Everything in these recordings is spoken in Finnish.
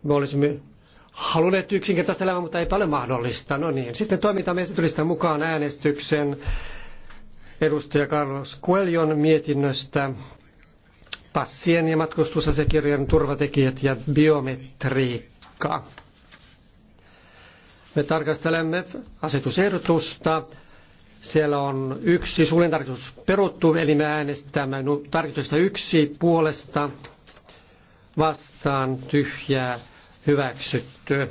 Me olisimme halunneet yksinkertaista elämää, mutta ei paljon mahdollista. No niin, sitten toimintamme esitylistä mukaan äänestyksen edustaja Carlos Coelion mietinnöstä passien ja matkustusasiakirjojen turvatekijät ja biometriikka. Me tarkastelemme asetusehdotusta. Siellä on yksi suunnitelma peruttu, eli me äänestämme tarkistusta yksi puolesta vastaan tyhjää hyväksytty.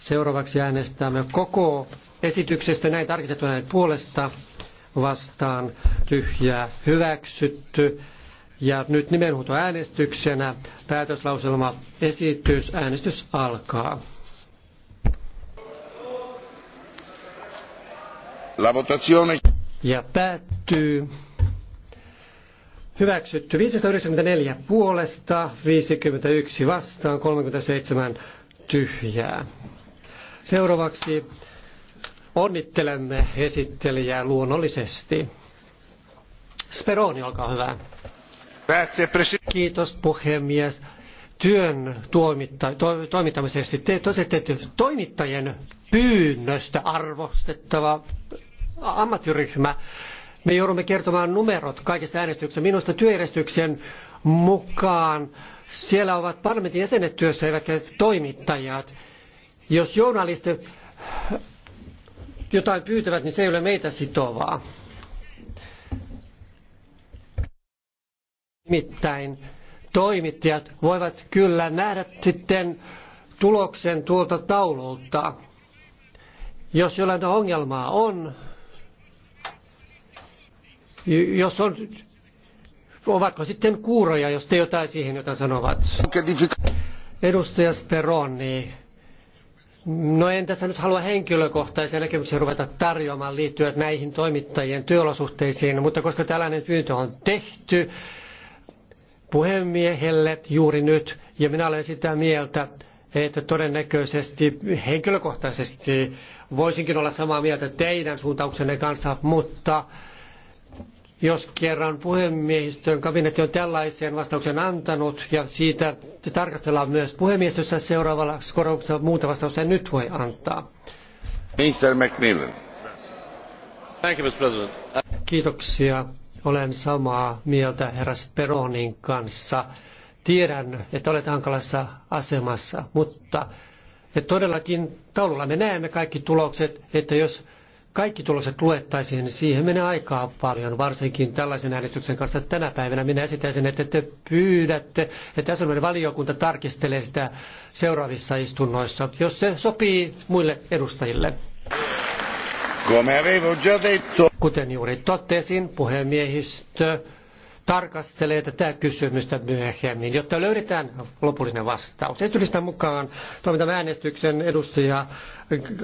Seuraavaksi äänestämme koko esityksestä näin tarkistettuna puolesta vastaan tyhjää hyväksytty. Ja nyt äänestyksenä päätöslauselma esitys. Äänestys alkaa. La votazione. Ja päättyy. Hyväksytty 594 puolesta, 51 vastaan, 37 tyhjää. Seuraavaksi onnittelemme esittelijää luonnollisesti. Speroni, olkaa hyvä. Kiitos puhemies. Työn toimitta- to- toimittamisesta te tosiaan toimittajien pyynnöstä arvostettava ammattiryhmä me joudumme kertomaan numerot kaikista äänestyksistä. Minusta työjärjestyksen mukaan siellä ovat parlamentin jäsenet työssä, eivätkä toimittajat. Jos journalistit jotain pyytävät, niin se ei ole meitä sitovaa. Nimittäin toimittajat voivat kyllä nähdä sitten tuloksen tuolta taululta. Jos jollain ongelmaa on, jos on, ovatko sitten kuuroja, jos te jotain siihen jotain sanovat? Edustaja Speroni. No en tässä nyt halua henkilökohtaisia näkemyksiä ruveta tarjoamaan liittyen näihin toimittajien työolosuhteisiin, mutta koska tällainen pyyntö on tehty puhemiehelle juuri nyt, ja minä olen sitä mieltä, että todennäköisesti henkilökohtaisesti voisinkin olla samaa mieltä teidän suuntauksenne kanssa, mutta jos kerran puhemiehistön kabinetti on tällaisen vastauksen antanut ja siitä tarkastellaan myös puhemiehistössä seuraavalla korauksella muuta vastausta en nyt voi antaa. Minister Macmillan. Thank you, Mr. President. Kiitoksia. Olen samaa mieltä herra Speronin kanssa. Tiedän, että olet hankalassa asemassa, mutta todellakin taululla me näemme kaikki tulokset, että jos kaikki tulokset luettaisiin, niin siihen menee aikaa paljon, varsinkin tällaisen äänestyksen kanssa tänä päivänä. Minä esitäisin, että te pyydätte, että asunnon valiokunta tarkistelee sitä seuraavissa istunnoissa, jos se sopii muille edustajille. Kuten juuri totesin, puhemiehistö tarkastelee tätä kysymystä myöhemmin, jotta löydetään lopullinen vastaus. Esityksestä mukaan toimitan äänestyksen edustaja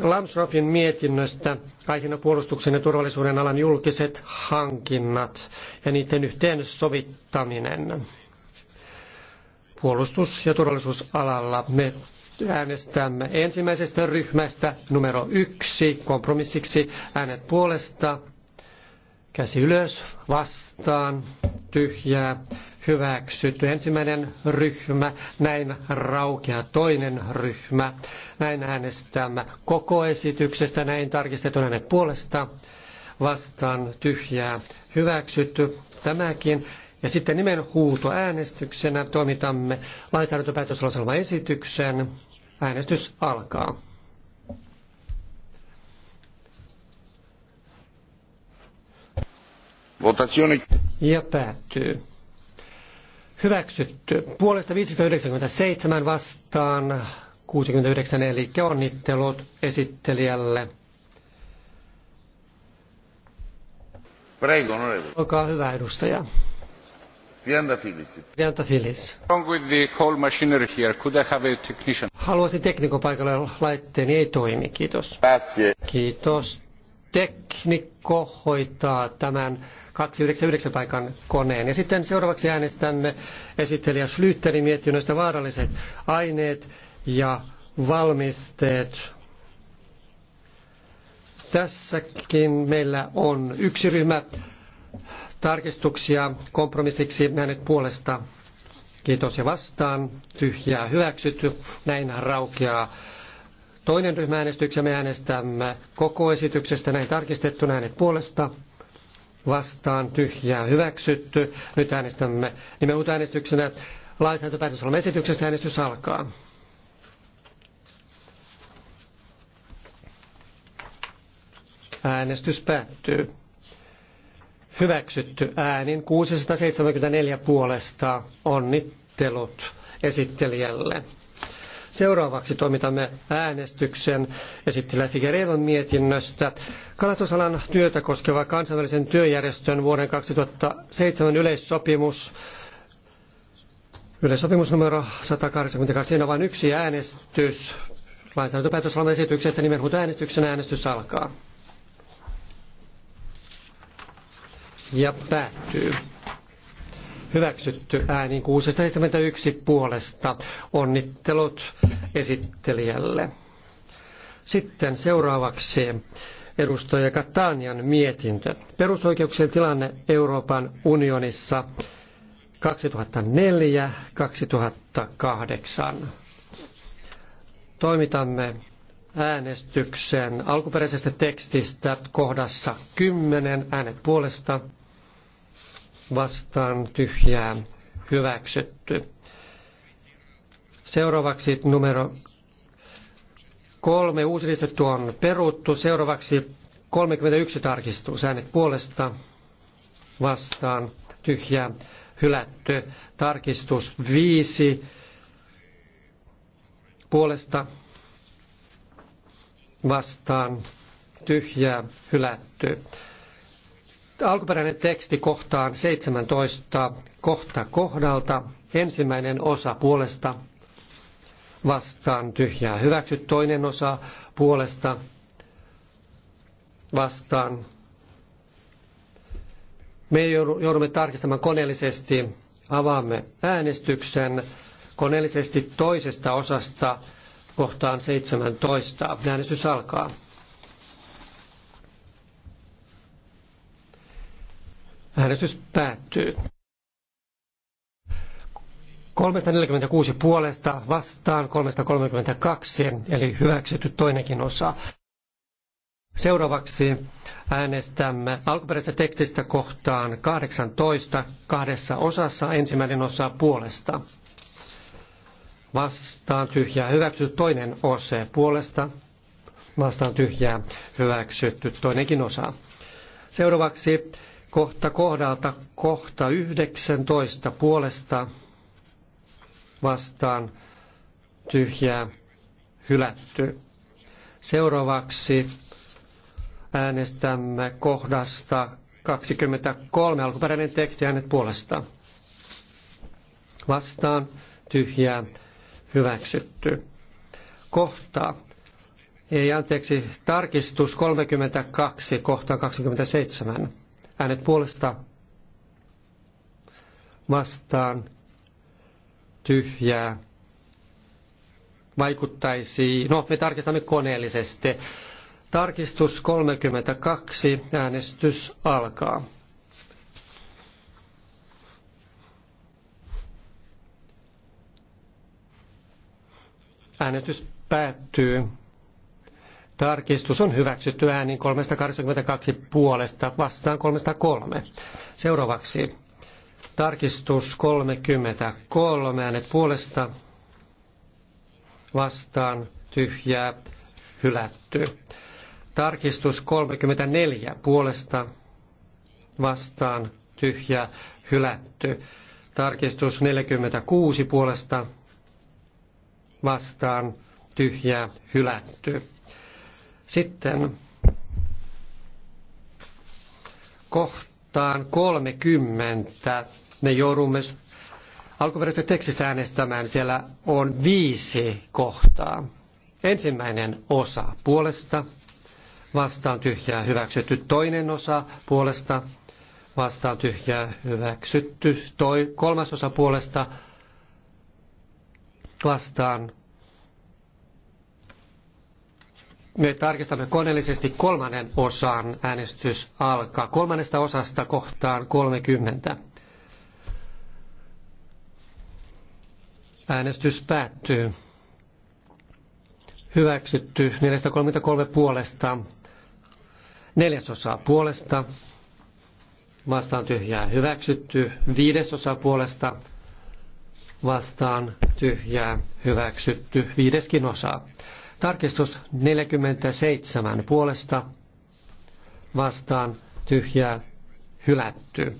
Lamsrofin mietinnöstä aiheena puolustuksen ja turvallisuuden alan julkiset hankinnat ja niiden yhteensovittaminen. Puolustus- ja turvallisuusalalla me äänestämme ensimmäisestä ryhmästä numero yksi kompromissiksi äänet puolesta Käsi ylös, vastaan, tyhjää, hyväksytty. Ensimmäinen ryhmä, näin raukea toinen ryhmä. Näin äänestämme koko esityksestä, näin tarkistetun äänet puolesta, vastaan, tyhjää, hyväksytty. Tämäkin ja sitten nimen huuto äänestyksenä toimitamme esityksen Äänestys alkaa. Votazione. Ja päättyy. Hyväksytty. Puolesta 597 vastaan 69, eli onnittelut esittelijälle. Prego, onorevole. Olkaa hyvä, edustaja. Pianta Filis. Pianta Filis. With the whole machinery here. Could I have a technician? Haluaisin teknikon paikalle laitteeni, ei toimi, kiitos. Grazie. Kiitos. Teknikko hoitaa tämän 299 paikan koneen. Ja sitten seuraavaksi äänestämme esittelijä Slyterin mietinnöstä vaaralliset aineet ja valmisteet. Tässäkin meillä on yksi ryhmä tarkistuksia kompromissiksi äänet puolesta. Kiitos ja vastaan. Tyhjää hyväksytty. Näin raukeaa. Toinen ryhmä äänestyksemme äänestämme koko esityksestä näin tarkistettuna äänet puolesta vastaan tyhjää hyväksytty. Nyt äänestämme nimenhuutoäänestyksenä lainsäädäntöpäätösolman esityksessä. Äänestys alkaa. Äänestys päättyy. Hyväksytty äänin 674 puolesta. Onnittelut esittelijälle. Seuraavaksi toimitamme äänestyksen esittelee Figueredon mietinnöstä kalastusalan työtä koskeva kansainvälisen työjärjestön vuoden 2007 yleissopimus. Yleissopimus numero 182, siinä on vain yksi äänestys. Lainsäädäntöpäätösvalman esityksestä nimenhuuto äänestyksen äänestys alkaa. Ja päättyy hyväksytty äänin 671 puolesta. Onnittelut esittelijälle. Sitten seuraavaksi edustaja Katanian mietintö. Perusoikeuksien tilanne Euroopan unionissa 2004-2008. Toimitamme äänestyksen alkuperäisestä tekstistä kohdassa 10 äänet puolesta vastaan tyhjää hyväksytty. Seuraavaksi numero kolme uusilistettu on peruttu. Seuraavaksi 31 tarkistuu Äänet puolesta vastaan tyhjää hylätty. Tarkistus viisi puolesta vastaan tyhjää hylätty alkuperäinen teksti kohtaan 17 kohta kohdalta. Ensimmäinen osa puolesta vastaan tyhjää hyväksy. Toinen osa puolesta vastaan. Me joudumme tarkistamaan koneellisesti. Avaamme äänestyksen koneellisesti toisesta osasta kohtaan 17. Äänestys alkaa. Äänestys päättyy. 346 puolesta vastaan 332, eli hyväksytty toinenkin osa. Seuraavaksi äänestämme alkuperäisestä tekstistä kohtaan 18 kahdessa osassa ensimmäinen osa puolesta. Vastaan tyhjää hyväksytty toinen osa puolesta. Vastaan tyhjää hyväksytty toinenkin osa. Seuraavaksi kohta kohdalta kohta 19 puolesta vastaan tyhjää hylätty. Seuraavaksi äänestämme kohdasta 23 alkuperäinen teksti äänet puolesta. Vastaan tyhjää hyväksytty. Kohta ei anteeksi, tarkistus 32 kohta 27 Äänet puolesta vastaan tyhjää vaikuttaisi, no me tarkistamme koneellisesti. Tarkistus 32, äänestys alkaa. Äänestys päättyy. Tarkistus on hyväksytty äänin 382 puolesta vastaan 303. Seuraavaksi tarkistus 33 äänet puolesta vastaan tyhjää hylätty. Tarkistus 34 puolesta vastaan tyhjää hylätty. Tarkistus 46 puolesta vastaan tyhjää hylätty. Sitten kohtaan 30 me joudumme alkuperäisestä tekstistä äänestämään. Siellä on viisi kohtaa. Ensimmäinen osa puolesta, vastaan tyhjää hyväksytty. Toinen osa puolesta, vastaan tyhjää hyväksytty. Toi, kolmas osa puolesta, vastaan Me tarkistamme koneellisesti kolmannen osan äänestys alkaa. Kolmannesta osasta kohtaan 30. Äänestys päättyy. Hyväksytty 433 puolesta. Neljäsosa puolesta. Vastaan tyhjää hyväksytty. Viidesosa puolesta. Vastaan tyhjää hyväksytty. Viideskin osa. Tarkistus 47 puolesta vastaan tyhjää hylätty.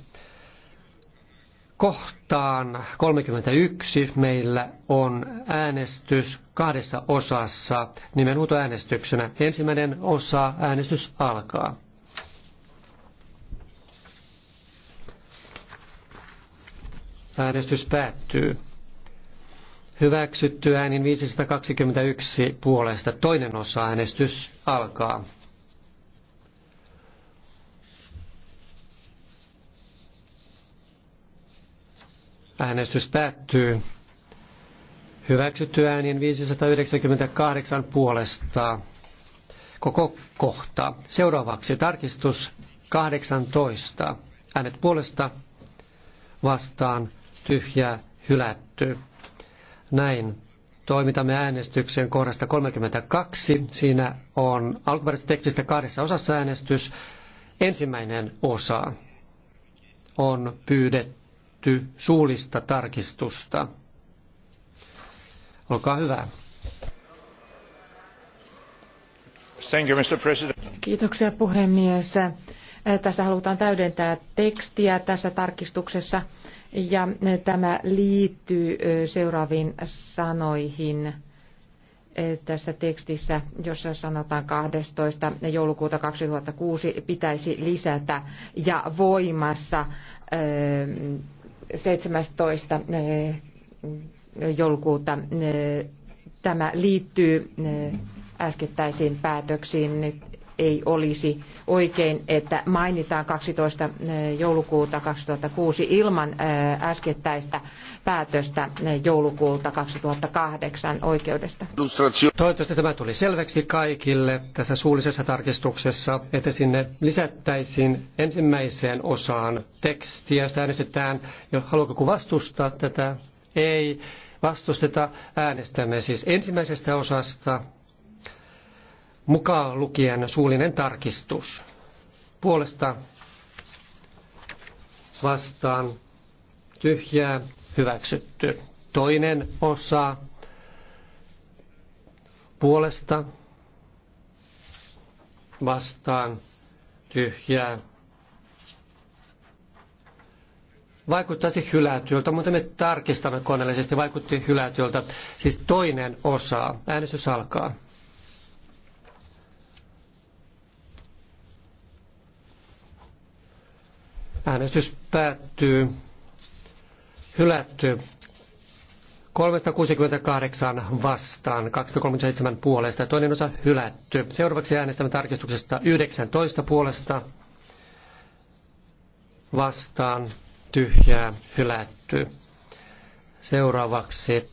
Kohtaan 31 meillä on äänestys kahdessa osassa nimenhuutoäänestyksenä. Ensimmäinen osa äänestys alkaa. Äänestys päättyy hyväksytty äänin 521 puolesta. Toinen osa äänestys alkaa. Äänestys päättyy. Hyväksytty äänin 598 puolesta. Koko kohta. Seuraavaksi tarkistus 18. Äänet puolesta vastaan tyhjä hylätty. Näin toimitamme äänestyksen kohdasta 32. Siinä on alkuperäisestä tekstistä kahdessa osassa äänestys. Ensimmäinen osa on pyydetty suullista tarkistusta. Olkaa hyvä. Thank you, Mr. President. Kiitoksia puhemies. Tässä halutaan täydentää tekstiä tässä tarkistuksessa ja eh, tämä liittyy eh, seuraaviin sanoihin eh, tässä tekstissä, jossa sanotaan 12. joulukuuta 2006 pitäisi lisätä ja voimassa 17. joulukuuta tämä liittyy äskettäisiin päätöksiin. Nyt ei olisi oikein, että mainitaan 12. Eh, joulukuuta 2006 ilman eh, äskettäistä päätöstä eh, joulukuulta 2008 oikeudesta. Toivottavasti tämä tuli selväksi kaikille tässä suullisessa tarkistuksessa, että sinne lisättäisiin ensimmäiseen osaan tekstiä, josta äänestetään, haluaako vastustaa tätä, ei vastusteta, äänestämme siis ensimmäisestä osasta mukaan lukien suullinen tarkistus. Puolesta vastaan tyhjää hyväksytty. Toinen osa puolesta vastaan tyhjää. Vaikuttaisi hylätyöltä, mutta me tarkistamme koneellisesti, vaikutti hylätyöltä. Siis toinen osa. Äänestys alkaa. Äänestys päättyy. Hylätty. 368 vastaan, 237 puolesta toinen osa hylätty. Seuraavaksi äänestämme tarkistuksesta 19 puolesta vastaan tyhjää hylätty. Seuraavaksi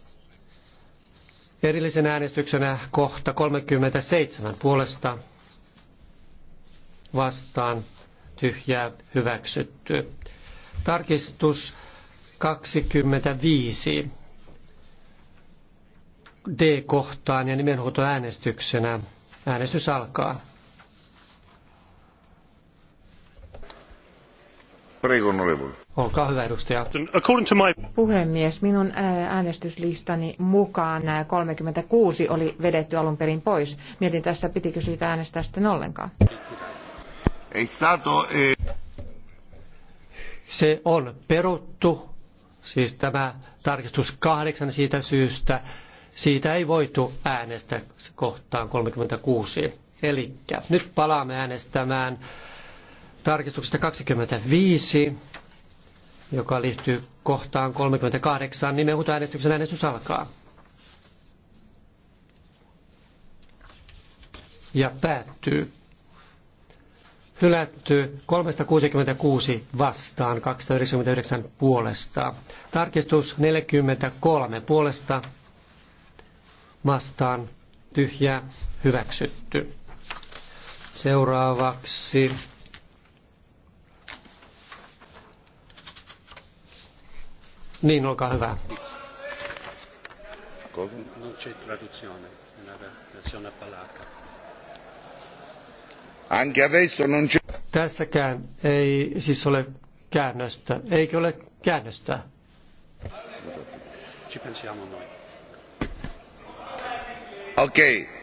erillisen äänestyksenä kohta 37 puolesta vastaan tyhjää hyväksytty. Tarkistus 25 D-kohtaan ja äänestyksenä Äänestys alkaa. Olkaa hyvä edustaja. Puhemies, minun äänestyslistani mukaan 36 oli vedetty alun perin pois. Mietin tässä, pitikö siitä äänestää sitten ollenkaan. Eh, Se on peruttu, siis tämä tarkistus kahdeksan siitä syystä. Siitä ei voitu äänestä kohtaan 36. Eli nyt palaamme äänestämään tarkistuksesta 25, joka liittyy kohtaan 38. Nimenhuuto äänestyksen äänestys alkaa. Ja päättyy hylätty 366 vastaan, 299 puolesta. Tarkistus 43 puolesta vastaan, tyhjää, hyväksytty. Seuraavaksi Niin, olkaa hyvä. Non c'è traduzione, è una Anche adesso non c'è... Tässäkään ei siis ole käännöstä. Eikö ole käännöstä? Ci pensiamo noi.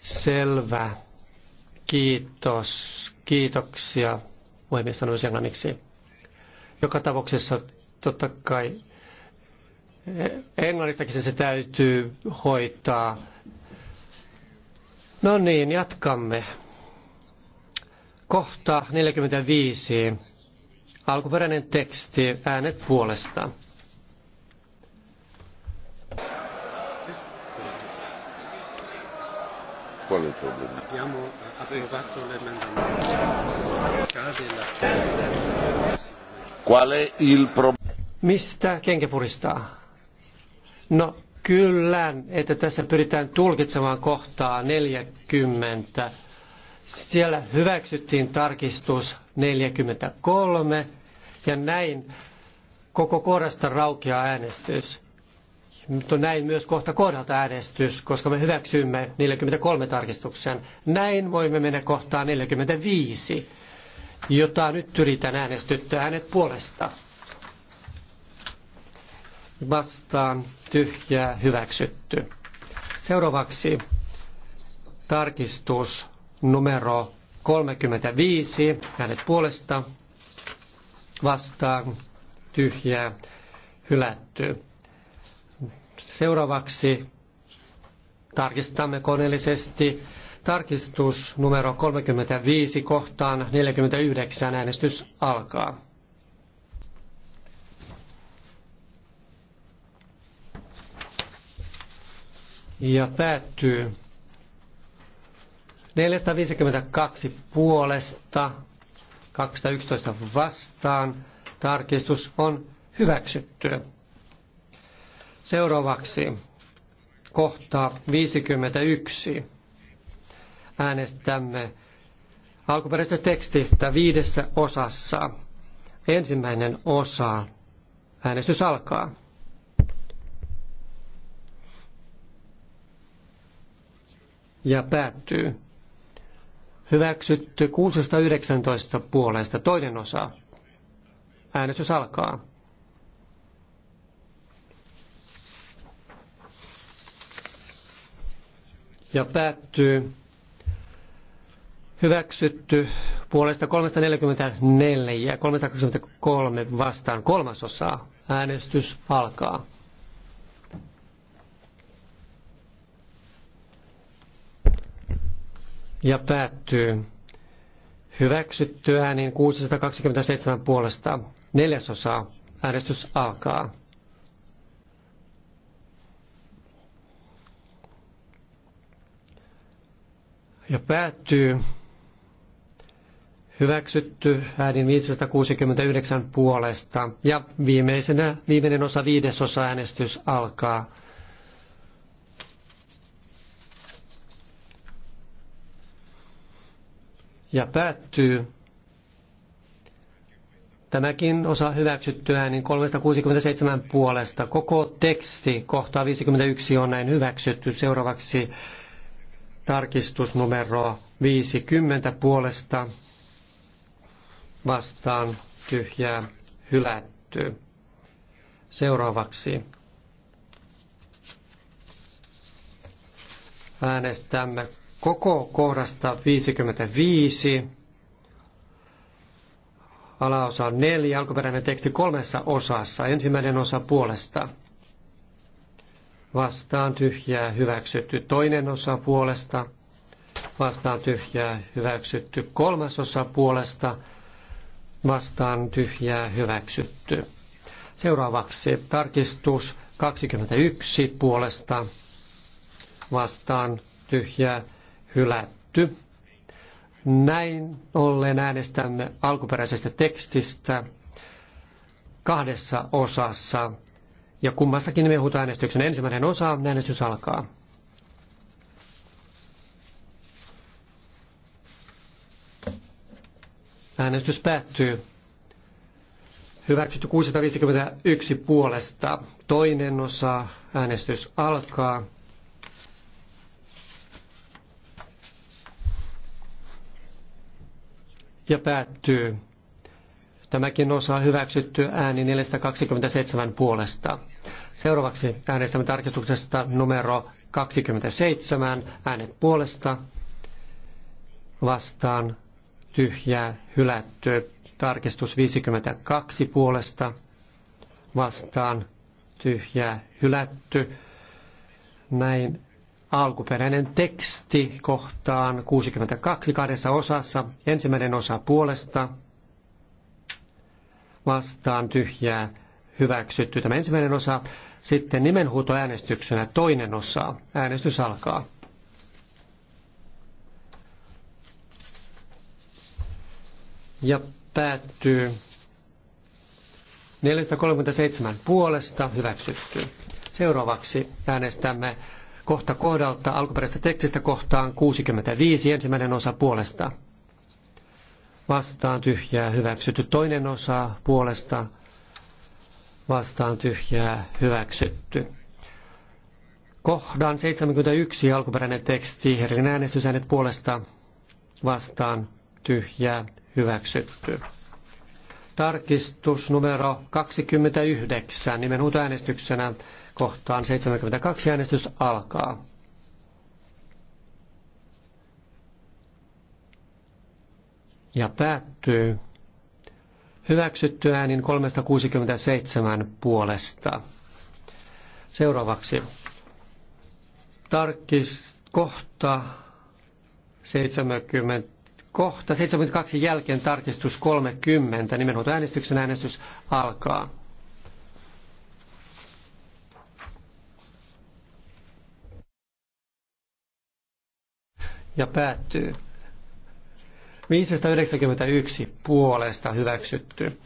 Selvä. Kiitos. Kiitoksia. Puhemies sanoisi englanniksi. Joka tapauksessa totta kai eh, englannistakin se täytyy hoitaa. No niin, jatkamme. Kohta 45. Alkuperäinen teksti, äänet puolesta. Qual è il problema? Abbiamo approvato l'emendamento. Qual è il problema? Mistä kenkä puristaa? No kyllä, että tässä pyritään tulkitsemaan kohtaa 40 siellä hyväksyttiin tarkistus 43 ja näin koko kohdasta raukea äänestys. Mutta näin myös kohta kohdalta äänestys, koska me hyväksymme 43 tarkistuksen. Näin voimme mennä kohtaan 45, jota nyt yritän äänestyttää äänet puolesta. Vastaan tyhjää hyväksytty. Seuraavaksi tarkistus numero 35, hänet puolesta vastaan tyhjää hylätty. Seuraavaksi tarkistamme koneellisesti tarkistus numero 35 kohtaan 49 äänestys alkaa. Ja päättyy. 452 puolesta, 211 vastaan. Tarkistus on hyväksytty. Seuraavaksi kohta 51. Äänestämme alkuperäisestä tekstistä viidessä osassa. Ensimmäinen osa. Äänestys alkaa. Ja päättyy. Hyväksytty 619 puolesta. Toinen osa. Äänestys alkaa. Ja päättyy. Hyväksytty puolesta 344 ja 323 vastaan kolmasosaa. Äänestys alkaa. ja päättyy. hyväksyttyä niin 627 puolesta. Neljäsosa. Äänestys alkaa. Ja päättyy. Hyväksytty äänin 569 puolesta. Ja viimeisenä, viimeinen osa viidesosa äänestys alkaa. ja päättyy. Tämäkin osa hyväksytty niin 367 puolesta. Koko teksti kohtaa 51 on näin hyväksytty. Seuraavaksi tarkistusnumero 50 puolesta vastaan tyhjää hylätty. Seuraavaksi äänestämme koko kohdasta 55, alaosa 4, alkuperäinen teksti kolmessa osassa, ensimmäinen osa puolesta, vastaan tyhjää hyväksytty, toinen osa puolesta, vastaan tyhjää hyväksytty, kolmas osa puolesta, vastaan tyhjää hyväksytty. Seuraavaksi tarkistus 21 puolesta vastaan tyhjää hylätty. Näin ollen äänestämme alkuperäisestä tekstistä kahdessa osassa. Ja kummassakin äänestyksen ensimmäinen osa, äänestys alkaa. Äänestys päättyy. Hyväksytty 651 puolesta. Toinen osa, äänestys alkaa. ja päättyy. Tämäkin osa on hyväksytty ääni 427 puolesta. Seuraavaksi äänestämme tarkistuksesta numero 27 äänet puolesta vastaan tyhjää hylätty. Tarkistus 52 puolesta vastaan tyhjää hylätty. Näin alkuperäinen teksti kohtaan 62 kahdessa osassa. Ensimmäinen osa puolesta vastaan tyhjää hyväksytty. Tämä ensimmäinen osa sitten äänestyksenä toinen osa. Äänestys alkaa. Ja päättyy 437 puolesta hyväksytty. Seuraavaksi äänestämme kohta kohdalta alkuperäisestä tekstistä kohtaan 65 ensimmäinen osa puolesta. Vastaan tyhjää hyväksytty toinen osa puolesta. Vastaan tyhjää hyväksytty. Kohdan 71 alkuperäinen teksti, erillinen äänestysäänet puolesta vastaan tyhjää hyväksytty. Tarkistus numero 29 nimenhuutoäänestyksenä kohtaan 72 äänestys alkaa. Ja päättyy. Hyväksytty äänin 367 puolesta. Seuraavaksi tarkis kohta 70 kohta 72 jälkeen tarkistus 30 äänestyksen äänestys alkaa. ja päättyy. 591 puolesta hyväksytty.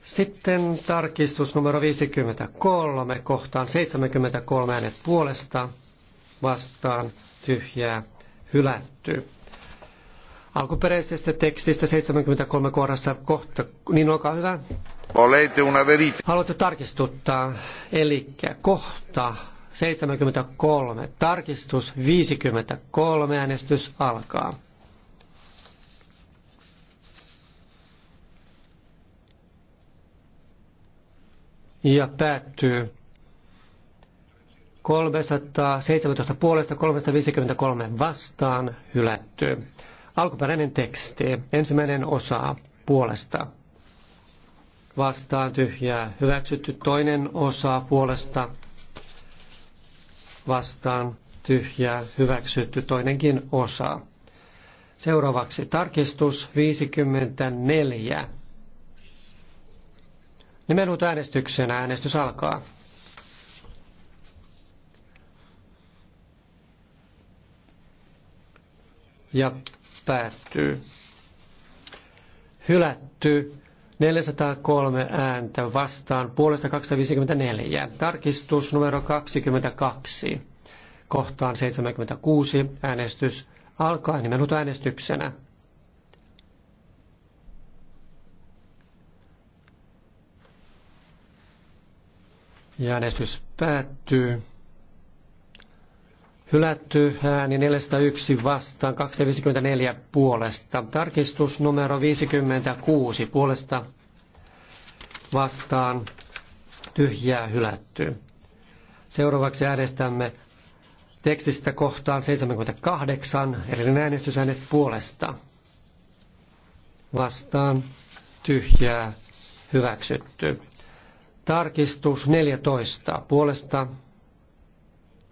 Sitten tarkistus numero 53 kohtaan 73 äänet puolesta vastaan tyhjää hylätty. Alkuperäisestä tekstistä 73 kohdassa kohta, niin olkaa hyvä. Haluatte tarkistuttaa, eli kohta 73. Tarkistus 53. Äänestys alkaa. Ja päättyy 317 puolesta 353 vastaan hylätty. Alkuperäinen teksti, ensimmäinen osa puolesta. Vastaan tyhjää hyväksytty toinen osa puolesta vastaan tyhjää hyväksytty toinenkin osa. Seuraavaksi tarkistus 54. Nimenut äänestyksen äänestys alkaa. Ja päättyy. Hylätty 403 ääntä vastaan, puolesta 254. Tarkistus numero 22, kohtaan 76, äänestys alkaa nimenut äänestyksenä. Ja äänestys päättyy. Hylätty ääni 401 vastaan, 254 puolesta. Tarkistus numero 56 puolesta vastaan, tyhjää hylätty. Seuraavaksi äänestämme tekstistä kohtaan 78, eli äänestysäänet puolesta. Vastaan, tyhjää, hyväksytty. Tarkistus 14, puolesta,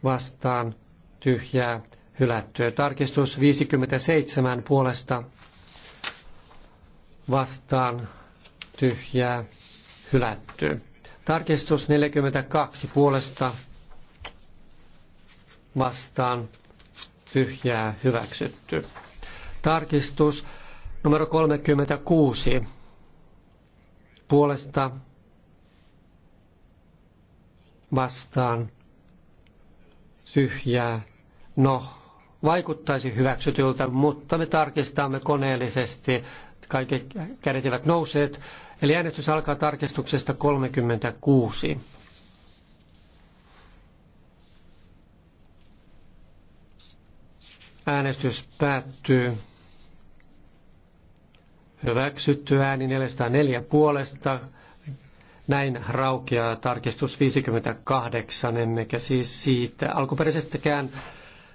vastaan, tyhjää hylättyä. Tarkistus 57 puolesta vastaan tyhjää hylättyä. Tarkistus 42 puolesta vastaan tyhjää hyväksytty. Tarkistus numero 36 puolesta vastaan tyhjää No, vaikuttaisi hyväksytyltä, mutta me tarkistamme koneellisesti. Kaikki kädet eivät nousseet. Eli äänestys alkaa tarkistuksesta 36. Äänestys päättyy. Hyväksytty ääni 404 puolesta. Näin raukeaa tarkistus 58, emmekä siis siitä alkuperäisestäkään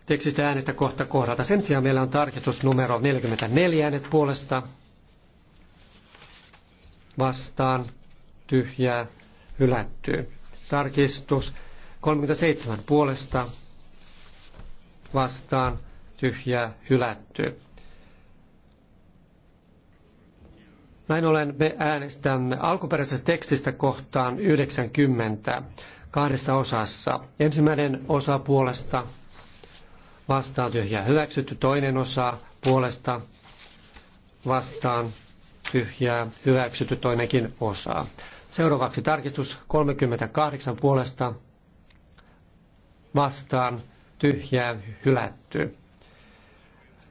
tekstistä äänestä kohta kohdalta. Sen sijaan meillä on tarkistus numero 44 äänet puolesta vastaan tyhjää hylättyy. Tarkistus 37 puolesta vastaan tyhjää hylättyy. Näin ollen me äänestämme alkuperäisestä tekstistä kohtaan 90 kahdessa osassa. Ensimmäinen osa puolesta vastaan tyhjää hyväksytty. Toinen osa puolesta vastaan tyhjää hyväksytty toinenkin osa. Seuraavaksi tarkistus 38 puolesta vastaan tyhjää hylätty.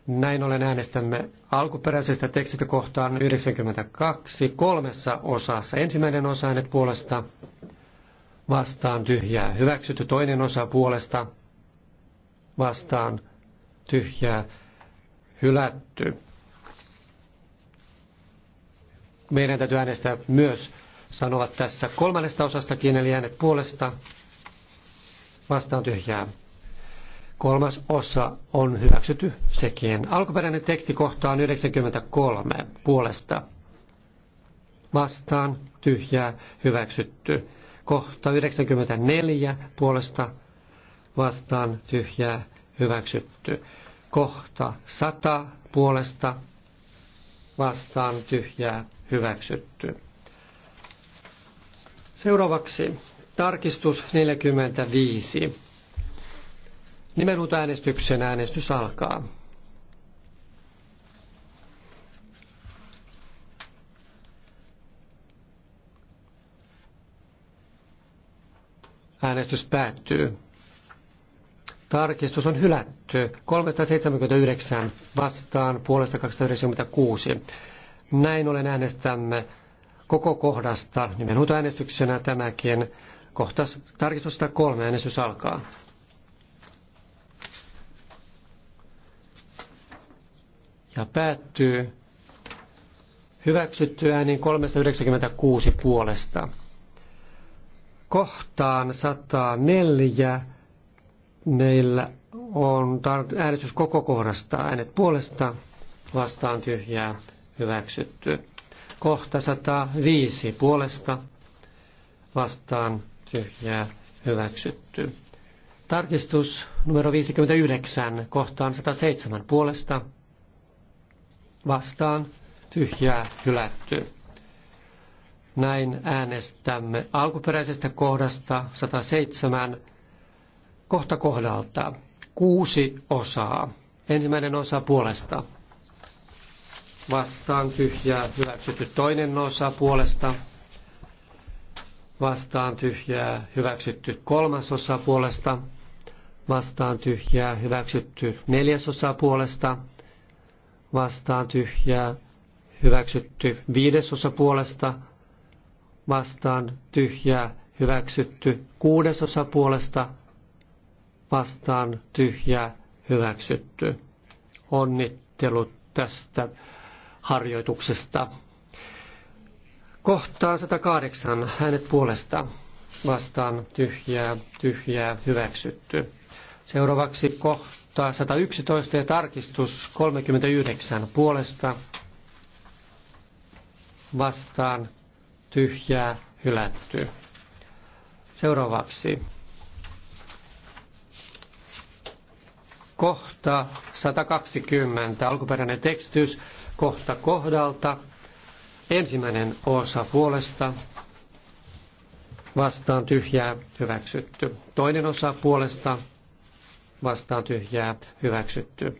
Näin ollen äänestämme alkuperäisestä tekstistä kohtaan 92 kolmessa osassa. Ensimmäinen osa äänet puolesta vastaan tyhjää hyväksytty, toinen osa puolesta vastaan tyhjää hylätty. Meidän täytyy äänestää myös sanoa tässä kolmannesta osasta eli äänet puolesta vastaan tyhjää. Kolmas osa on hyväksytty sekin. Alkuperäinen teksti kohtaa 93 puolesta. Vastaan tyhjää hyväksytty. Kohta 94 puolesta vastaan tyhjää hyväksytty. Kohta 100 puolesta vastaan tyhjää hyväksytty. Seuraavaksi tarkistus 45. Nimenut äänestyksen äänestys alkaa. Äänestys päättyy. Tarkistus on hylätty. 379 vastaan puolesta 296. Näin ollen äänestämme koko kohdasta äänestyksenä tämäkin. Kohta tarkistus kolme äänestys alkaa. Ja päättyy hyväksytty ääni 396 puolesta. Kohtaan 104 Meillä on äänestys koko kohdasta. Äänet puolesta vastaan tyhjää hyväksytty. Kohta 105 puolesta vastaan tyhjää hyväksytty. Tarkistus numero 59 kohtaan 107 puolesta vastaan tyhjää hylätty. Näin äänestämme alkuperäisestä kohdasta 107 kohta kohdalta kuusi osaa. Ensimmäinen osa puolesta. Vastaan tyhjää hyväksytty toinen osa puolesta. Vastaan tyhjää hyväksytty kolmas osa puolesta. Vastaan tyhjää hyväksytty neljäs osa puolesta. Vastaan tyhjää hyväksytty viides osa puolesta. Vastaan tyhjää hyväksytty kuudes osa puolesta vastaan tyhjä hyväksytty. Onnittelut tästä harjoituksesta. Kohtaa 108. Hänet puolesta vastaan tyhjää, tyhjää hyväksytty. Seuraavaksi kohtaa 111 ja tarkistus 39 puolesta vastaan tyhjää hylätty. Seuraavaksi kohta 120, alkuperäinen tekstys, kohta kohdalta, ensimmäinen osa puolesta, vastaan tyhjää, hyväksytty. Toinen osa puolesta, vastaan tyhjää, hyväksytty.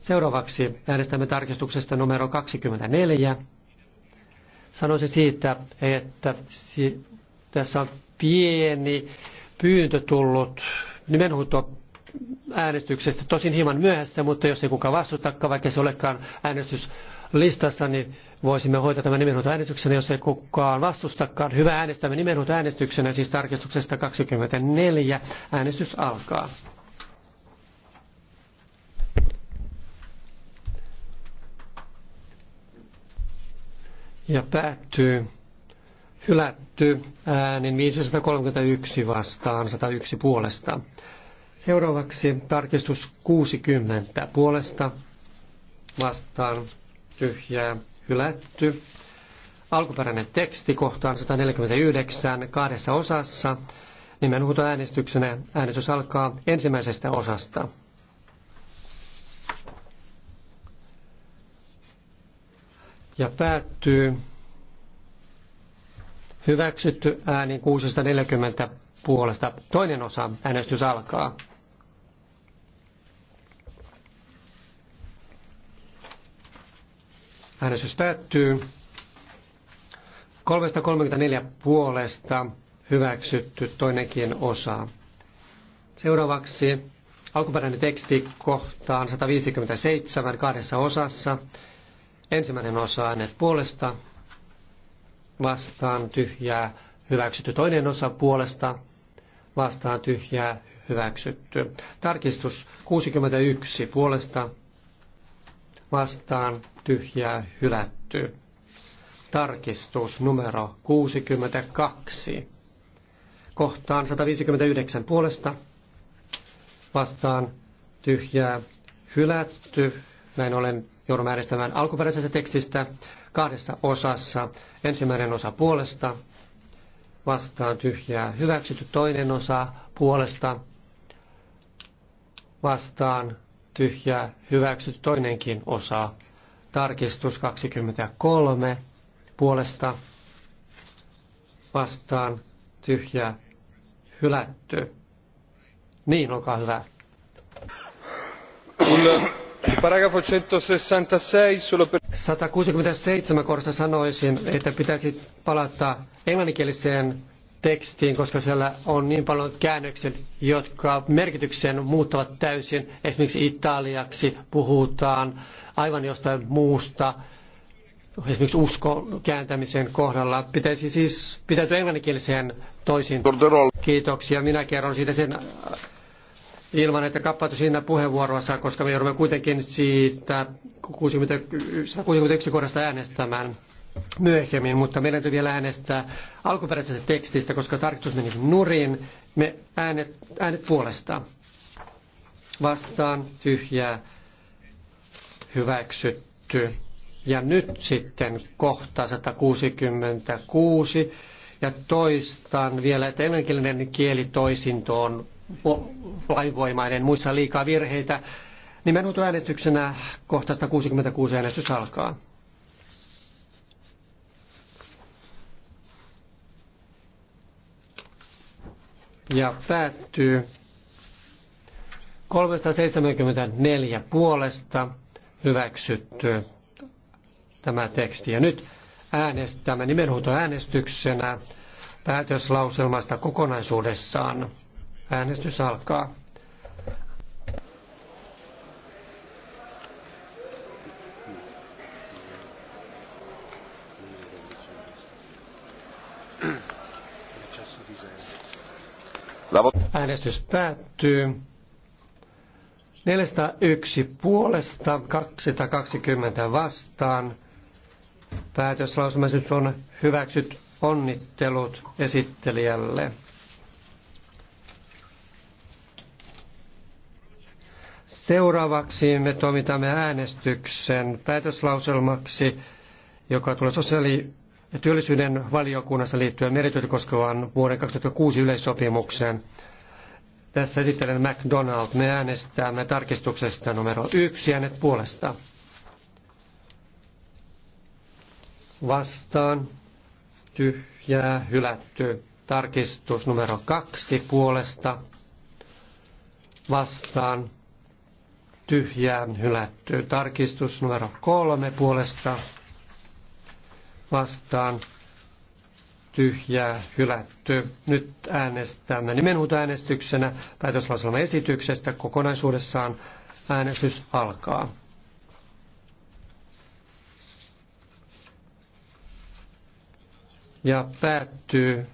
Seuraavaksi äänestämme tarkistuksesta numero 24. Sanoisin siitä, että tässä on pieni pyyntö tullut nimenhuuto äänestyksestä, tosin hieman myöhässä, mutta jos ei kukaan vastustakaan, vaikka se olekaan äänestyslistassa, niin voisimme hoitaa tämän nimenhuutoäänestyksenä, jos ei kukaan vastustakaan. Hyvä äänestämme nimenhuutoäänestyksenä, siis tarkistuksesta 24. Äänestys alkaa. Ja päättyy. Hylätty äänin 531 vastaan, 101 puolesta. Seuraavaksi tarkistus 60 puolesta vastaan tyhjää hylätty. Alkuperäinen teksti kohtaan 149 kahdessa osassa. Nimenhuuto äänestyksenä äänestys alkaa ensimmäisestä osasta. Ja päättyy hyväksytty ääni 640 puolesta. Toinen osa äänestys alkaa. Äänestys päättyy. 334 puolesta hyväksytty toinenkin osa. Seuraavaksi alkuperäinen teksti kohtaan 157 kahdessa osassa. Ensimmäinen osa äänet puolesta vastaan tyhjää hyväksytty. Toinen osa puolesta vastaan tyhjää hyväksytty. Tarkistus 61 puolesta vastaan tyhjää hylätty. Tarkistus numero 62. Kohtaan 159 puolesta vastaan tyhjää hylätty. Näin olen joudun määristämään alkuperäisestä tekstistä kahdessa osassa. Ensimmäinen osa puolesta vastaan tyhjää hyväksytty, toinen osa puolesta vastaan tyhjää hyväksytty toinenkin osa. Tarkistus 23 puolesta vastaan tyhjää hylätty. Niin, olkaa hyvä. Paragrafo 167 kohdasta sanoisin, että pitäisi palata englanninkieliseen tekstiin, koska siellä on niin paljon käännöksiä, jotka merkityksen muuttavat täysin. Esimerkiksi italiaksi puhutaan aivan jostain muusta, esimerkiksi usko kääntämisen kohdalla. Pitäisi siis pitäytyä englanninkieliseen toisin. Kiitoksia. Minä kerron siitä sen ilman, että kappaitu siinä puheenvuorossa, koska me joudumme kuitenkin siitä 61 kohdasta äänestämään myöhemmin, mutta meidän täytyy vielä äänestää alkuperäisestä tekstistä, koska tarkistus meni nurin. Me äänet, äänet puolesta. Vastaan tyhjää hyväksytty. Ja nyt sitten kohta 166. Ja toistan vielä, että englanninkielinen kieli toisinto on laivoimainen, muissa liikaa virheitä. Nimenhuutoäänestyksenä kohta 166 äänestys alkaa. ja päättyy 374 puolesta hyväksytty tämä teksti. Ja nyt äänestämme nimenhuutoäänestyksenä päätöslauselmasta kokonaisuudessaan. Äänestys alkaa. Äänestys päättyy. 401 puolesta, 220 vastaan. Päätöslausumaisuus on hyväksytty. Onnittelut esittelijälle. Seuraavaksi me toimitamme äänestyksen päätöslauselmaksi, joka tulee sosiaali- ja työllisyyden valiokunnassa liittyen merityötä koskevaan vuoden 2006 yleissopimukseen. Tässä esittelen McDonald. Me äänestämme tarkistuksesta numero yksi äänet puolesta. Vastaan. Tyhjää. Hylätty. Tarkistus numero kaksi puolesta. Vastaan. tyhjää hylätty. Tarkistus numero kolme puolesta vastaan tyhjää hylätty. Nyt äänestämme nimenhuutoäänestyksenä päätöslauselman esityksestä kokonaisuudessaan. Äänestys alkaa. Ja päättyy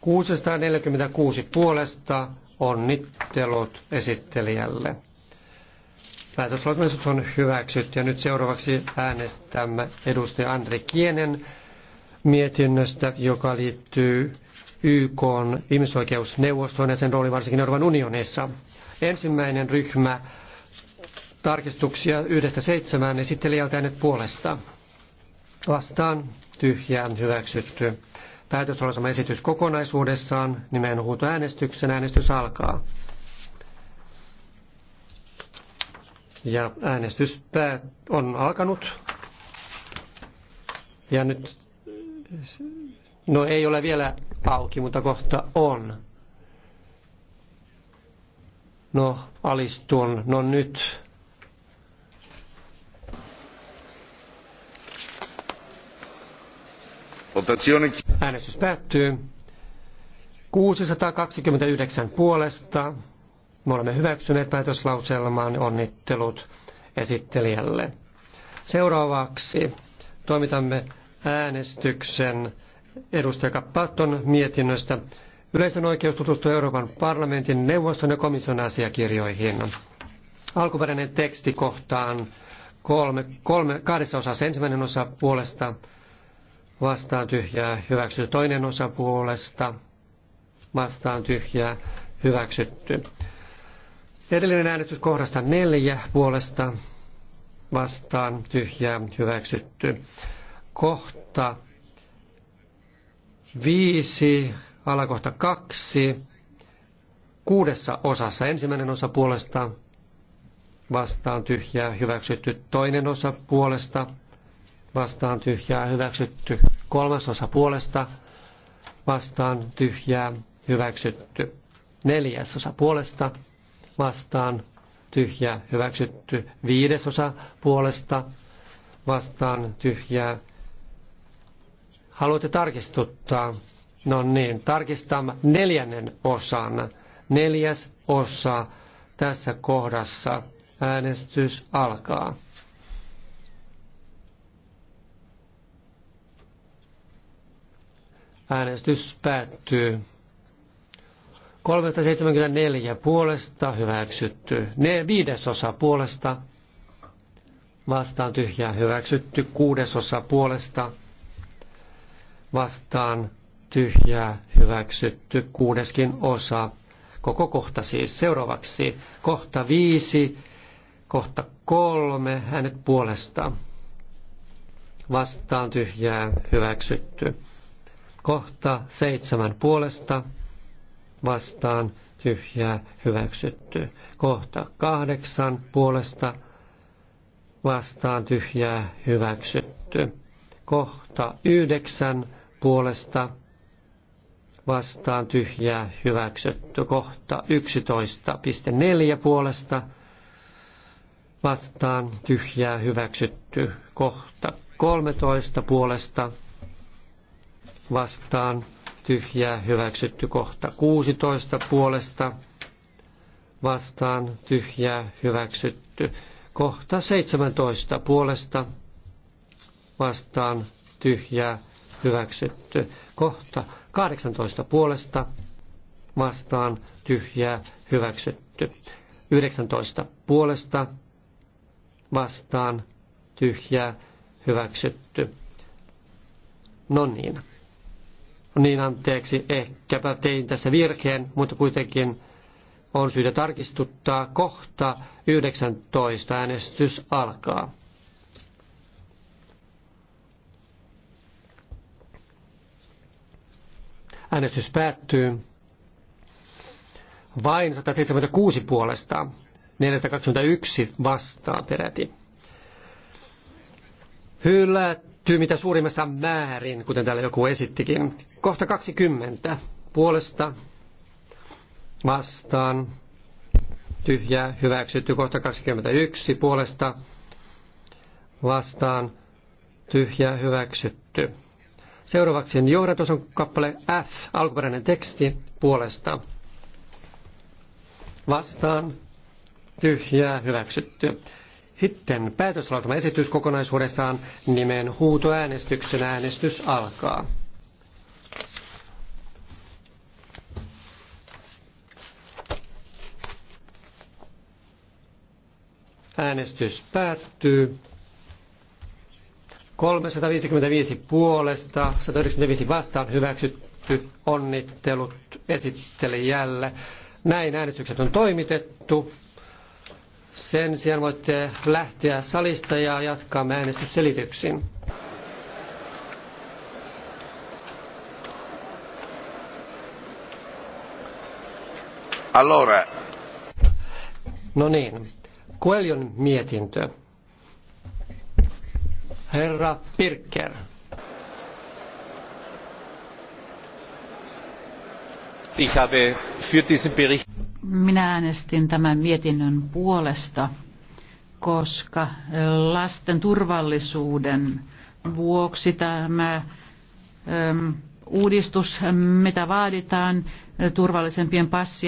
646 puolesta. Onnittelut esittelijälle. Päätöslauselmaisuus on hyväksytty ja nyt seuraavaksi äänestämme edustaja Andri Kienen mietinnöstä, joka liittyy YK ihmisoikeusneuvostoon ja sen rooli varsinkin Euroopan unionissa. Ensimmäinen ryhmä tarkistuksia yhdestä seitsemään esittelijältä nyt puolesta. Vastaan tyhjää hyväksytty. Päätösolosama esitys kokonaisuudessaan nimenhuuto äänestyksen äänestys alkaa. Ja äänestys on alkanut. Ja nyt no ei ole vielä auki, mutta kohta on. No, alistun. No nyt. Äänestys päättyy. 629 puolesta. Me olemme hyväksyneet päätöslauselman onnittelut esittelijälle. Seuraavaksi toimitamme äänestyksen edustaja Kappaton mietinnöstä Yleisön oikeus tutustua Euroopan parlamentin neuvoston ja komission asiakirjoihin. Alkuperäinen teksti kohtaan kolme, kolme, kahdessa osassa ensimmäinen osa puolesta vastaan tyhjää hyväksytty, toinen osa puolesta vastaan tyhjää hyväksytty. Edellinen äänestys kohdasta neljä puolesta vastaan tyhjää hyväksytty kohta viisi alakohta kaksi kuudessa osassa. Ensimmäinen osa puolesta vastaan tyhjää hyväksytty. Toinen osa puolesta vastaan tyhjää hyväksytty. Kolmas osa puolesta vastaan tyhjää hyväksytty. Neljäs osa puolesta vastaan tyhjää hyväksytty. Viides osa puolesta vastaan tyhjää Haluatte tarkistuttaa? No niin, tarkistamme neljännen osan. Neljäs osa tässä kohdassa. Äänestys alkaa. Äänestys päättyy. 374 puolesta hyväksytty. Ne viidesosa puolesta vastaan tyhjää hyväksytty. Kuudesosa puolesta vastaan tyhjää hyväksytty kuudeskin osa. Koko kohta siis. Seuraavaksi kohta viisi, kohta kolme, hänet puolesta. Vastaan tyhjää hyväksytty. Kohta seitsemän puolesta. Vastaan tyhjää hyväksytty. Kohta kahdeksan puolesta. Vastaan tyhjää hyväksytty. Kohta yhdeksän puolesta vastaan tyhjää hyväksytty. Kohta 11.4 puolesta vastaan tyhjää hyväksytty. Kohta 13 puolesta vastaan tyhjää hyväksytty. Kohta 16 puolesta vastaan tyhjää hyväksytty. Kohta 17 puolesta vastaan tyhjää hyväksytty. Kohta 18 puolesta vastaan tyhjää hyväksytty. 19 puolesta vastaan tyhjää hyväksytty. No niin. Niin anteeksi, ehkäpä tein tässä virkeen, mutta kuitenkin on syytä tarkistuttaa kohta 19 äänestys alkaa. Äänestys päättyy. Vain 176 puolesta, 421 vastaan peräti. Hylätty mitä suurimmassa määrin, kuten täällä joku esittikin. Kohta 20 puolesta vastaan tyhjää hyväksytty. Kohta 21 puolesta vastaan tyhjää hyväksytty. Seuraavaksi on johdatus on kappale F, alkuperäinen teksti puolesta. Vastaan. Tyhjää hyväksytty. Sitten päätöslautama esitys kokonaisuudessaan nimen huutoäänestyksen äänestys alkaa. Äänestys päättyy. 355 puolesta, 195 vastaan hyväksytty, onnittelut esittelijälle. Näin äänestykset on toimitettu. Sen sijaan voitte lähteä salista ja jatkaa äänestysselityksiin. Allora. No niin, Kueljon mietintö herra Pirker. Ich habe für diesen Bericht minä äänestin tämän mietinnön puolesta, koska lasten turvallisuuden vuoksi tämä uudistus, mitä vaaditaan turvallisempien passien